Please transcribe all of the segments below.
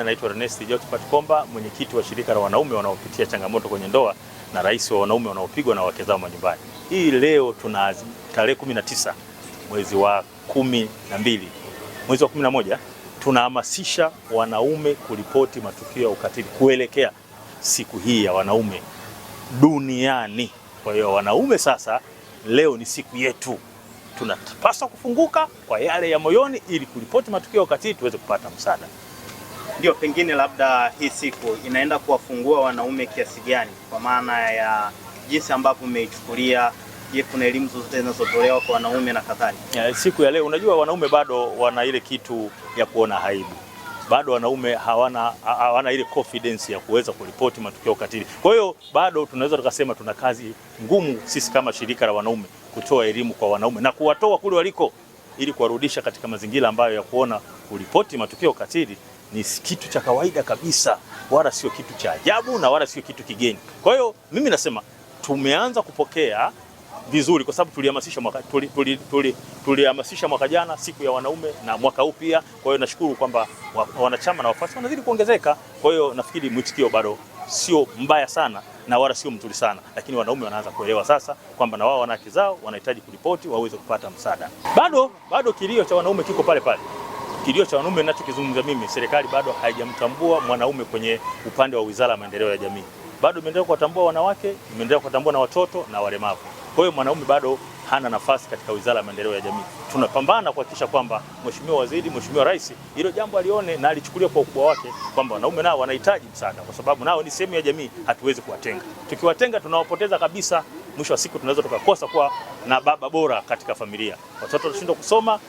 Naitwa Ernest Jotphat Komba, mwenyekiti wa shirika la wanaume wanaopitia changamoto kwenye ndoa na rais wa wanaume wanaopigwa na wake zao majumbani. Hii leo tuna tarehe 19 mwezi wa kumi na mbili mwezi wa 11 tunahamasisha wanaume kuripoti matukio ya ukatili kuelekea siku hii ya wanaume duniani. Kwa hiyo wanaume, sasa leo ni siku yetu, tunapaswa kufunguka kwa yale ya moyoni ili kuripoti matukio ya ukatili tuweze kupata msaada ndio pengine labda hii siku inaenda kuwafungua wanaume kiasi gani, kwa maana ya jinsi ambavyo umeichukulia? Je, kuna elimu zozote zinazotolewa kwa wanaume na kadhalika siku ya leo? Unajua, wanaume bado wana ile kitu ya kuona aibu, bado wanaume hawana, hawana ile confidence ya kuweza kuripoti matukio katili. Kwa hiyo bado tunaweza tukasema tuna kazi ngumu sisi kama shirika la wanaume kutoa elimu kwa wanaume na kuwatoa kule waliko ili kuwarudisha katika mazingira ambayo ya kuona kuripoti matukio katili ni kitu cha kawaida kabisa, wala sio kitu cha ajabu na wala sio kitu kigeni. Kwa hiyo mimi nasema tumeanza kupokea vizuri kwa sababu tulihamasisha mwaka, tuli, tuli, tuli, tulihamasisha mwaka jana siku ya wanaume na mwaka huu pia. Kwa hiyo nashukuru kwamba wanachama na wafuasi wanazidi kuongezeka. Kwa hiyo nafikiri mwitikio bado sio mbaya sana na wala sio mzuri sana, lakini wanaume wanaanza kuelewa sasa kwamba na wao wana haki zao, wanahitaji kuripoti waweze kupata msaada. Bado bado kilio cha wanaume kiko pale pale. Kilio cha wanaume ninachokizungumza mimi, serikali bado haijamtambua mwanaume kwenye upande wa Wizara ya Maendeleo ya Jamii, bado imeendelea kuwatambua wanawake, imeendelea kuwatambua na watoto na walemavu. Kwa hiyo mwanaume bado hana nafasi katika Wizara ya Maendeleo ya Jamii. Tunapambana kuhakikisha kwamba Mheshimiwa Waziri, Mheshimiwa Rais hilo jambo alione na alichukulia kwa ukubwa wake, kwamba wanaume nao wanahitaji msaada, kwa sababu nao ni sehemu ya jamii, hatuwezi kuwatenga. Tukiwatenga tunawapoteza kabisa. Mwisho wa siku tunaweza tukakosa kuwa na baba bora katika familia, watoto watashindwa kusoma,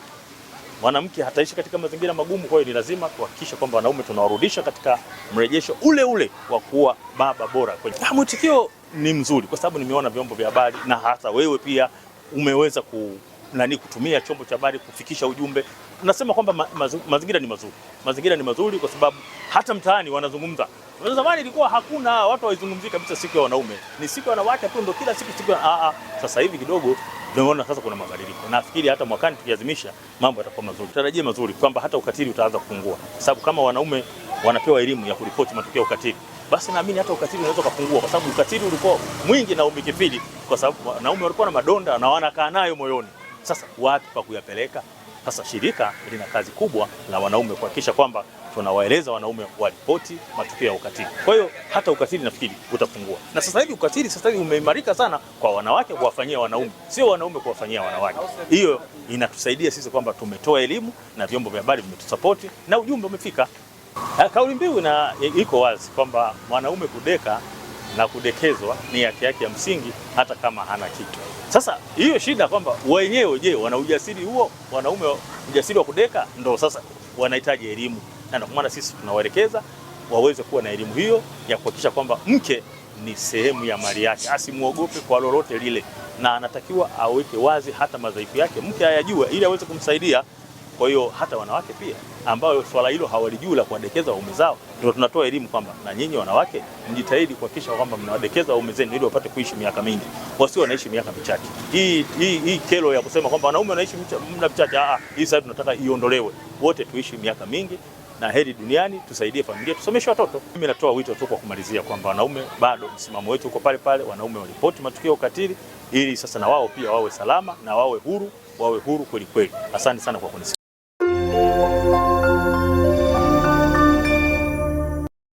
mwanamke hataishi katika mazingira magumu. Kwa hiyo ni lazima kuhakikisha kwamba wanaume tunawarudisha katika mrejesho ule ule wa kuwa baba bora. Ah, mwitikio ni mzuri, kwa sababu nimeona vyombo vya habari na hasa wewe pia umeweza ku nani kutumia chombo cha habari kufikisha ujumbe. Nasema kwamba ma, ma, mazingira ni mazuri, mazingira ni mazuri kwa sababu hata mtaani wanazungumza. Zamani ilikuwa hakuna watu waizungumzii kabisa siku ya wanaume, ni siku ya wanawake tu ndio kila siku siku. Ah, ah. Sasa hivi kidogo Tunaona sasa kuna mabadiliko. Nafikiri hata mwakani tukiazimisha mambo yatakuwa mazuri. Tarajie mazuri kwamba hata ukatili utaanza kupungua. Kwa sababu kama wanaume wanapewa elimu ya kuripoti matukio ya ukatili, basi naamini hata ukatili unaweza kupungua kwa sababu ukatili ulikuwa mwingi na umikifili kwa sababu wanaume walikuwa na madonda na wanakaa nayo moyoni. Sasa wapi pa kuyapeleka? Sasa shirika lina kazi kubwa la wanaume kuhakikisha kwamba tunawaeleza wanaume waripoti matukio ya ukatili. Kwa hiyo hata ukatili nafikiri utapungua, na sasa hivi ukatili sasa hivi umeimarika sana kwa wanawake kuwafanyia wanaume, sio wanaume kuwafanyia wanawake. Hiyo inatusaidia sisi kwamba tumetoa elimu na vyombo vya habari vimetusapoti na ujumbe umefika. Eh, kauli mbiu na iko wazi kwamba mwanaume kudeka na kudekezwa ni haki yake ya msingi, hata kama hana kitu. Sasa hiyo shida kwamba wenyewe, je, wana ujasiri huo? Wanaume ujasiri wa kudeka? Ndo sasa wanahitaji elimu na ndio maana sisi tunawaelekeza waweze kuwa na elimu hiyo ya kuhakikisha kwamba mke ni sehemu ya mali yake, asimwogope kwa lolote lile, na anatakiwa aweke wazi hata madhaifu yake mke ayajue, ili aweze kumsaidia. Kwa hiyo hata wanawake pia ambao swala hilo hawalijui la kuwadekeza waume zao, ndio tunatoa elimu kwamba na nyinyi wanawake mjitahidi kuhakikisha kwamba mnawadekeza waume zenu ili wapate kuishi miaka mingi, wasio wanaishi miaka michache. Hii, hii, hii kelo ya kusema kwamba wanaume wanaishi muda mchache, hii sasa tunataka iondolewe, wote tuishi miaka mingi na heri duniani, tusaidie familia, tusomeshe watoto. Mimi natoa wito tu kwa kumalizia kwamba wanaume, bado msimamo wetu uko pale pale, wanaume walipoti matukio ya ukatili, ili sasa na wao pia wawe salama na wawe huru, wawe huru kweli kweli. Asante sana kwa kunisikiliza.